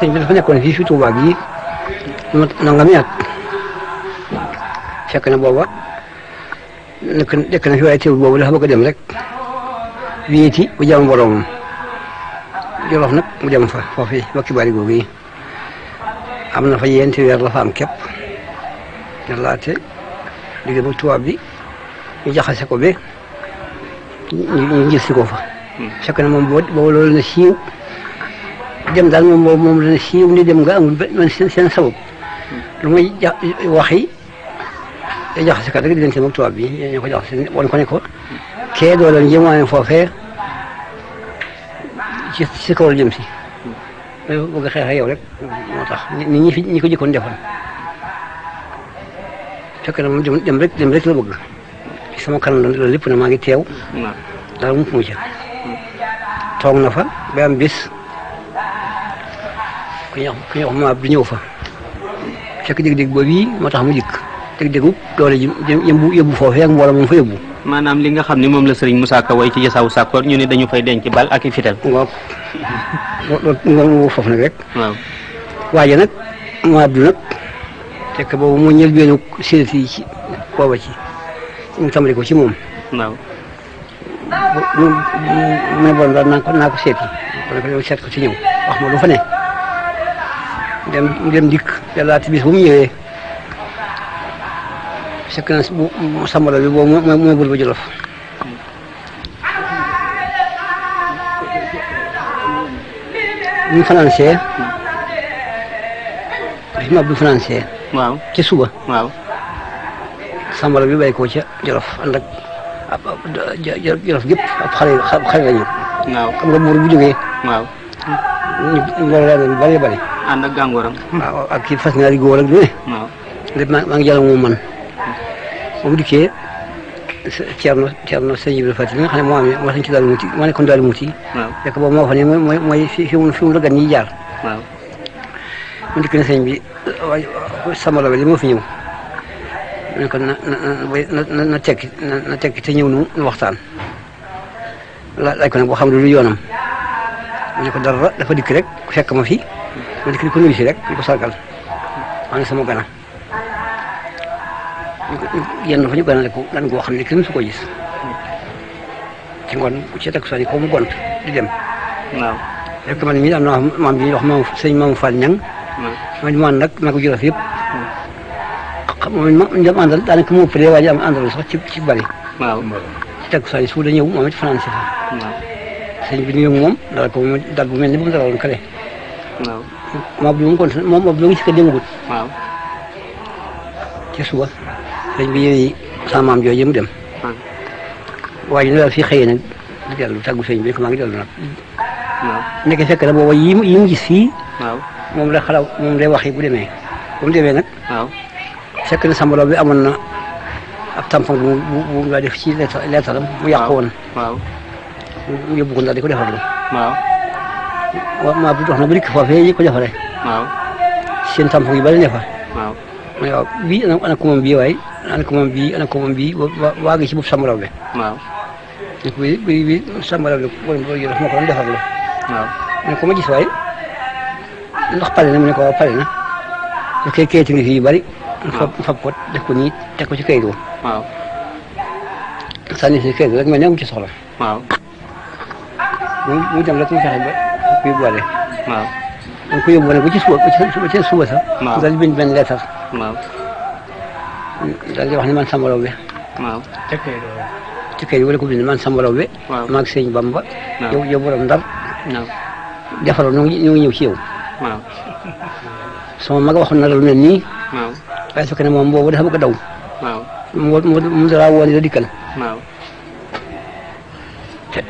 sëñ bi dafa nekkoon fii fi Touba gii lu ma nangami at fekk na booba nekk dekk na fi waaye teewul boobu dafa bëgg a dem rek wéeti bu jàmm boroomam Jolof nag mu dem fa foofu ba kibaari googu yi am na fa yenti weer la fa am képp nga laate liggéey bi ñu jaxase ko ba ñu gis si ko fa fekk na moom boo na siiw dem daal moom boobu moom dana siiw ni dem nga amul man seen seen sabab lu muy ja waxi day jaxase kat rek diggante moom tubaab bi ñoo ko jaxase ko ne ko kee doo doon jëmwaane foofee ci si kaw la jëm si bëgg a xeex yow rek tax ni ñi fi ñi ko jëkkoon defoon fekk na moom dem rek dem rek la bëgg ci sama kanam loolu lépp na maa ngi teew daal mu mu ca toog na fa ba am bis ku ñuy wax ku ñuy wax maam du ñëw fa fekk dégg-dégg boobu yi moo tax mu dikk dégg-déggu doole ji yëmbu yëbbu foofee ak mbooloo moom fa yëbbu maanaam li nga xam ne moom la sëriñ Moussa Ka way ci jasaawu sàkkoor ñu ne dañu fay denc bal ak i fital waaw loolu foofu nag rek waaw waaye nag maa abdu nag fekk boobu moo ñël benn séet yi ci booba ci ñu tàmbali ko ci moom waaw mu ne borom daal naa ko naa ko seeti kon ko seet ko ci ñëw wax ma lu fa ne dem dem dikk yàlla ci bis bu mu ñëwee fekk bu sambala bi boobu mooy jolof bu ñu financé ci suba waaw sambala bi bay koo ca jolof ànd jolof gépp ab xale xale lañu waaw xam nga buur bu jógee waaw ñu loolu laa bari bari ànd ak gàngooram. waaw ak kii fas ñaari góor ak lu ne. waaw lépp maa maa ngi jàll moom man. ba mu dikkee Thierno Thierno sëñ Ibrahima xam ne moo ci daal muuti moo daal muuti. waaw fekk boobu moo fa mooy mooy fi fi mu fi mu jaar. waaw mu bi sama la li moo fi ñëw. mu ne ko tekki na na waxtaan. laaj ko nag boo xam ne lu yoonam. ko dara dafa dikk rek fekk ma fi. ma dikk si rek di ko sargal maa sama gana yenn fa ñu gana ko lan goo xam ne kenn su ko gis ci ngoon ci takk soni ko mu gont di dem waaw fekk man mii am ma maam bi wax maam sëñ maam ma ñu man nag maa ko jëloon yëpp xam moom ñu dem ci ci bari waaw takk soni su da ñëw moom fanaan si fa sëñ bi ñu moom dal ko dal bu mel ni bu mu dalaloon kale moom lu mu kon moom ab lu ngi si ko démagul waaw ci suba dañ bi yéen sama maam jooju mu dem ah. waaye ñu daal si xëyee nag di dellu tàggu sëñ bi ko maa ngi dellu nag nekk fekk na booba yi yi mu gis moom la xalaw moom lay waxi bu deme bu mu demee nag fekk na sambalaw bi amoon na ab tampon bu bu mu daa def ci leetaram mu yàqu woon mu yóbbu ko ndax di ko defar lu maa bi dox na ba dikk foofee ñu ko defaree. waaw seen tamp yu bari ne fa. waaw ma ne waaw bii ana ko moom bii waaye ana ko moom bii ana ko moom bii waa bi. waaw donc bii bii bii sàmbaraw bi wala wala yow dafa ma ko doon defar la. waaw ne ko ma gis waaye ndax pare na mu ne ko waaw pare na te kay kayit ngi fi yu bari. waaw fab ko def ko nii teg ko ci kayit boobu. waaw sànni si kayit rek mel ne amu ci soxla. waaw mu dem rek mu fexe ba. koy boole. waaw da nga koy yóbbu ba ci suba ba ci suba sax. waaw daal di bind benn lettre. wax ne man sama raw bi. waaw ca ko bind man sama raw bi. waaw maa ngi sëñ Bamba. waaw yow yow borom ndar. waaw defaroo ñu ngi ci yow. waaw. sama mag waxoon na la lu ne nii. waaw waaye su moom boobu dafa bëgg a daw. mu di la dikkal. waaw.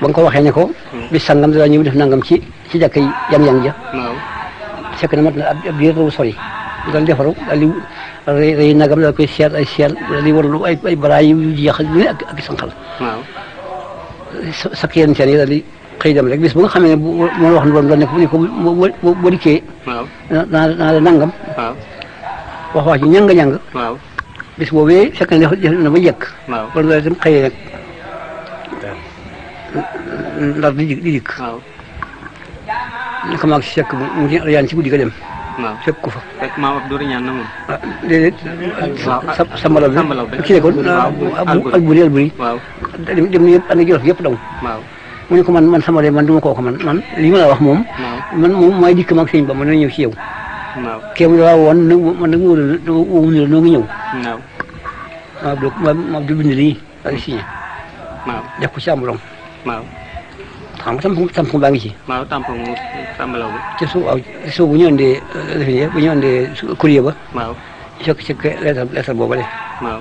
ba ko waxee ne ko bis sàngam dara ñëw def nangam ci ci jàkka yi yan yan ja fekk na mat na ab diir lu sori daal defaru daal di rëy nagam daal koy seet ay seet daal di warlu ay ay baraay yu jeex lu ne ak ak sanqal sak yeen yi daal di xëy dem rek bis bu nga xamee ne moo wax ne borom daal ne ko ne ko boo nangam wax wax ji ñanga ñang bis boobee fekk na def na ba njëkk borom daal itam xëy rek ndar di di dikk. waaw. naka maa ngi si sekk mu ngi yaan si guddi ga dem. ko fa. fekk maam Abdoulaye ñaan na moom. ah déedéet. sambalaw bi waaw dem dem yëpp ànd jolof yëpp daw. waaw mu ne ko man man sama de man du ma koo ko man man li la wax moom. man moom maay dikk ma ak sëñ ma dana ñëw si yow. ke kii mu ne waaw woon man nag la wóolu la ngi ñëw. waaw. maa ma ma du bind lii. waaw def ko si am waaw. xam nga tam tampon baa ngi ci. waaw tampon mu ci suuf waaw suuf bu ñu andee defuñu bu ñu andee courrier ba. waaw ñu ci lettre lettre boobale. waaw.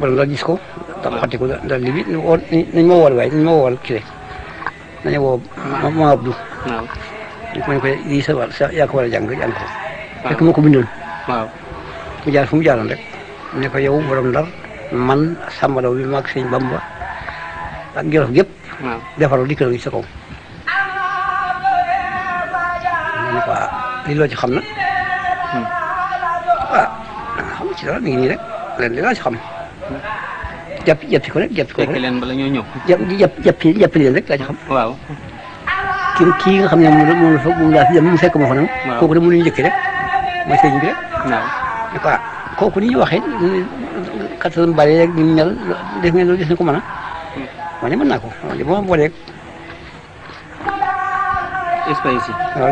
wala la gis ko. waaw xati ko daal li bi nu woo nañu ma woowal waaye nañu ma woowal kii yaa ko war a jàng jàng ko. waaw fekk ma ko bindoon. waaw. mu jaar fu mu jaaroon ko yow borom ndar man sàmbalaw bi maag Bamba ak Jolof gépp waaw defaru dikkal wu ci sa kaw. Ah, loo ci xam na. Hmm. ah xam ci dara mi ngi nii rek xam. jàpp jàppi ko rek jàppi ko rek fekk leen bala ñoo ñëw. jàpp jàppi jàppi leen rek laa ci xam. kii kii nga xam ne moom la moom la fa moom mu fekk ma ko nag. waaw kooku de mënuñu njëkk rek mooy sëñ bi rek. waaw ah, kooku ni ñu waxee kattan bari rek mel def ngeen loolu des ko mën a. man de mën naa ko mën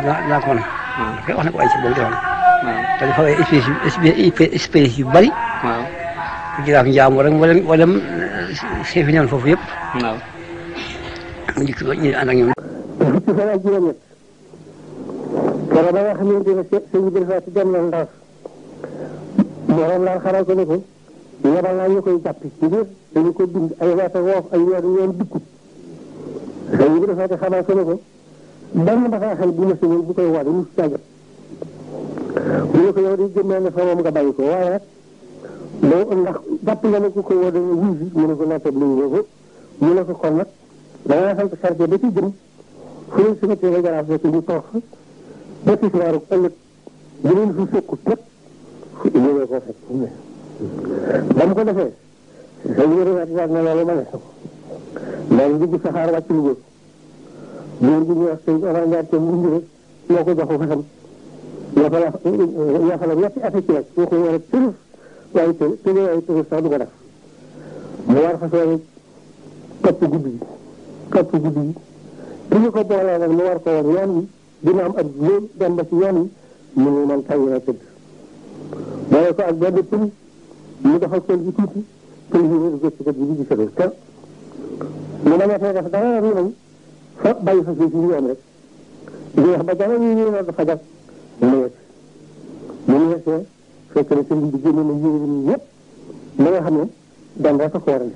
a. dafay wax ne ko ay si boobu defoon. waaw te dafa am espèce espèce yu bari. waaw jiraaf euh, yëpp. mu dikk ba ñu ànd ak ñoom. fukki fan ak juróom-ñett. dara ba nga yabal naa ñu koy jàpp ngir dañu ko bind ay waata woof ay weer yoon dikku xëy na bu dee ko ne ko benn bataaxal bu koy wane mu si jàjjab bu ñu ko yow di ne fa moom nga bàyyi ko waaye nag boo ndax jàpp ne ko woo da nga ne ko naata bu ñu ko mu ne ko kon nag da ngaa sant chargé ba ci jëm fu ñu si météo garaaf ba ci si waaru ëllëg yeneen fu ba mu ko defee sëñ bi rëy na loolu ma ne daal di saxaar wàcc Louga góor gi ñuy wax sëñ Omar Ndiaye te mu ngi moo ko jox ko fasam ñoo fa la ñetti at ci rek boo ko war a tërëf waaye të tëjee waaye tërëf sax du ko def mu war fa soo topp guddi gi topp guddi gi bi ñu ko boolee nag mu war ko woon yoon wi dina am ak loolu dem ba ci yoon wi mu ngi mën tàyyi na tëdd boole ko ak benn mu defal tool bi tuuti te ñu ngi gëstu ko bi di sori te mu ne ma fee def dara lu may fa bàyyi fa suuf si ñu am rek di wax ba dara ñu ñëw nag dafa def mu yegg mu mu yegsee fekk na sëriñ bi génne na yéere yi yëpp la nga xam ne daan daa ko xooral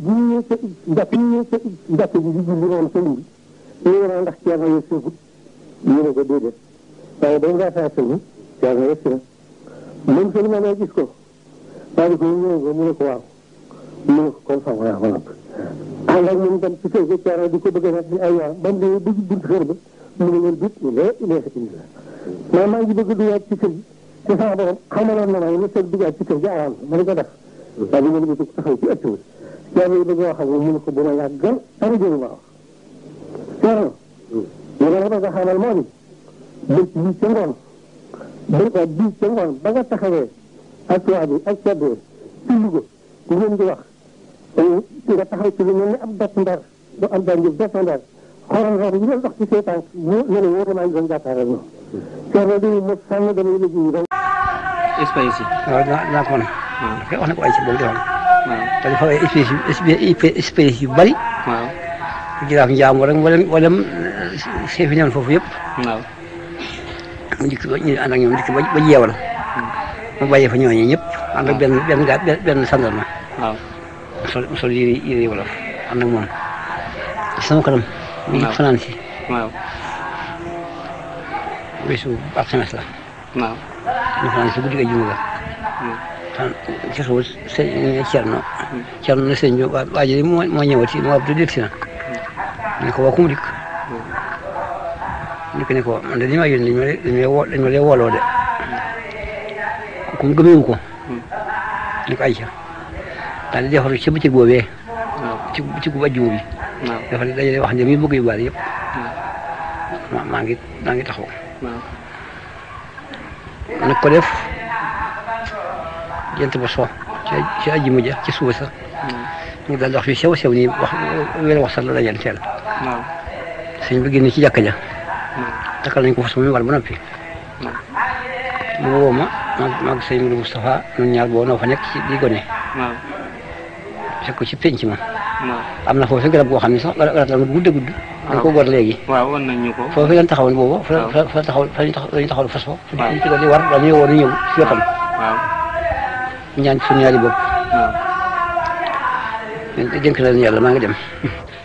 bu ñu ñëwee sa jàpp ñu ñëwee sa jàpp bi di julli woon sëriñ bi ñu ne ndax ceerno yëg seegut ñu ne ko déedéet waaye dañ daa faa sëriñ ceerno yëg si na moom sëñ ma gis ko daal di ko ñëw nga mu ne ko waaw mu ne ko kon sama yaa ko napp ànd ak moom tam ci kër ga caara di ko bëgg a nekk ay waa ba mu demee bëgg bunt xër ba mu ne leen dut lee lee sa indi la maa ngi bëgg dugaat ci kër gi te sama borom xamaloon na ma ne seet dugaat ci kër gi aram ma ne ko def waaye bi ngeen ko taxaw ci ëtt bi caara yi bëgg a wax ak mu ne ko bu ma yàggal dara jëru ma wax caara la nga xamal moo di bëgg lii ca ngoon dañ ko biis ca ngoon ba nga taxawee ak waa bi ak caddo ci Louga ngeen di wax nga taxaw ci lu mel ni ab dott ndar bu am daan jëf dott ndar xoolal xool ngeen dox ci say tànk mu ne la wóor na maa ngi doon jàkkaar ak moom caddo bi mo sànn damay la jiw rek espagnol si waaw naa ko mën a dafay wax na ko ay si boobu defal te dafa ay espèce espèce yu bari waaw jiraaf njaam rek wala wala eh, chef yi newoon foofu yëpp waaw mu dikk ba ñu ànd ba jeewal fa ñooñu ñëpp ànd ak benn benn gaa benn sandarma waaw sol sol yére yére wolof ànd ak moom sama kanam mi ngi fanaan si waaw weesu alxames la waaw ñu fanaan si guddi ajuma la tan hmm. ci xew Cerno hmm. Cerno na waa ji moo ñëwati moo ab du dégg si na ñu hmm. ko waa ku dikk dikk ne ko man de li de ku mu gëmeewu ko hmm. ni ko ayca daal di defaru ci bëccëg boobee ci ci gu ajjuma bi dafa wax ne mi bëgg yu bari yëpp hmm. maa ngi maa ngi taxaw nag ko def jant ba so ci ajjuma ja ci suba sa ñu hmm. daal di wax fi sew sew nii wax wéla wax sax la dajal teel sëñ bi génn ci jàkka ja takkal nañ ko fa sama wal ba noppi mu woo ma maag sëñ Modou Moustapha ñun ñaar boo noo fa nekk ci di gone fekk ko ci penc ma am na foofu garab goo xam ne sax garab la gudd a gudd dañ ko gor léegi foofu lañ taxawal booba fa fa taxawal fa lañ taxawal fas fa ci doon di war dañuy woo ñu ñëw si wetam ñaan suñu ñaari bopp dénk na leen yàlla maa ngi dem